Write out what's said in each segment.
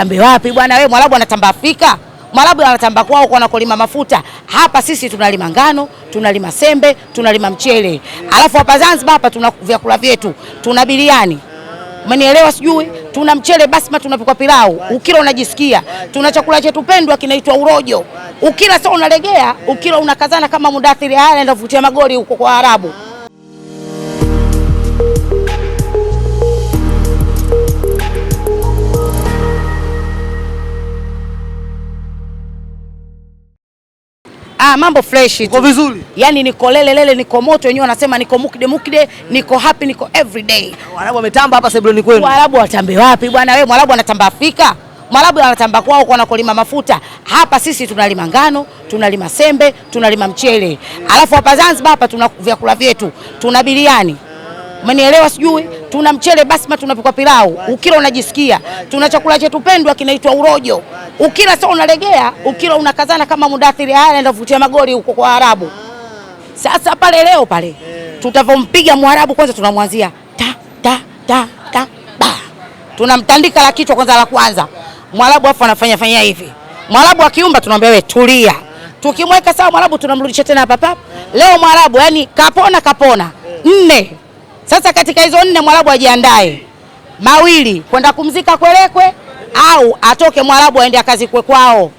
Tambe wapi bwana wewe Mwarabu anatamba Afrika. Mwarabu anatamba kwao kwa nakolima mafuta. Hapa sisi tunalima ngano, tunalima sembe, tunalima mchele. Alafu hapa Zanzibar hapa tuna vyakula vyetu. Tuna biriani. Umenielewa sijui? Tuna mchele basma tunapikwa pilau. Ukila unajisikia. Tuna chakula chetu pendwa kinaitwa urojo. Ukila sasa unalegea, ukila unakazana kama mudathiri haya anaenda magoli huko kwa Arabu. Ah, mambo fresh tu. Uko vizuri? Yaani niko lele lele, niko moto wenyewe wanasema niko mukide mukide, niko happy, niko every day. Waarabu wametamba hapa sebloni kwenu. Waarabu watambe wapi bwana wewe? Mwarabu anatamba Afrika. Mwarabu anatamba kwao kwa anakolima mafuta. Hapa sisi tunalima ngano, tunalima sembe, tunalima mchele. Alafu hapa Zanzibar hapa tuna vyakula vyetu. Tuna biriani. Umenielewa sijui? Tuna mchele basma tunapikwa pilau. Ukila unajisikia. Tuna chakula chetu pendwa kinaitwa urojo ukila sio unalegea, ukila unakazana kama Mudathiri. Haya, ndio vutia magoli huko kwa Arabu. Sasa pale leo pale eh. tutavompiga Mwarabu kwanza, tunamwanzia ta ta ta ta ba, tunamtandika la kichwa kwanza la kwanza Mwarabu, afa anafanya fanya hivi Mwarabu akiumba tunamwambia wewe tulia. Tukimweka sawa Mwarabu tunamrudisha tena hapa hapa. Leo Mwarabu yani kapona kapona eh. nne. Sasa katika hizo nne Mwarabu ajiandae mawili kwenda kumzika Kwelekwe au atoke Mwarabu aende kwe kwao,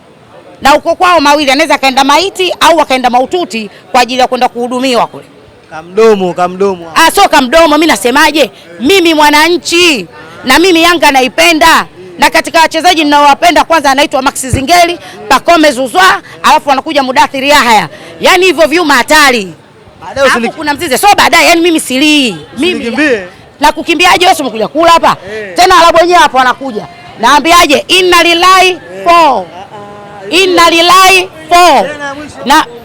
na uko kwao mawili, anaweza akaenda maiti au akaenda maututi kwa ajili ya kwenda kuhudumiwa kule. Kamdomo, kamdomo. Ah, so kamdomo, mimi nasemaje? Mimi mwananchi na mimi Yanga naipenda na katika wachezaji ninaowapenda kwanza anaitwa Max Zingeli, Pacome Zuzwa, alafu anakuja Mudathiri Yahya. Yaani hivyo vyuma hatari. Baadaye usili... kuna mzizi. So baadaye yani mimi silii. Mimi Na kukimbiaje wewe umekuja kula hapa? Hey. Eh. Tena alabonye hapo anakuja naambiaje, inna lillahi fo, uh-uh. inna lillahi fo na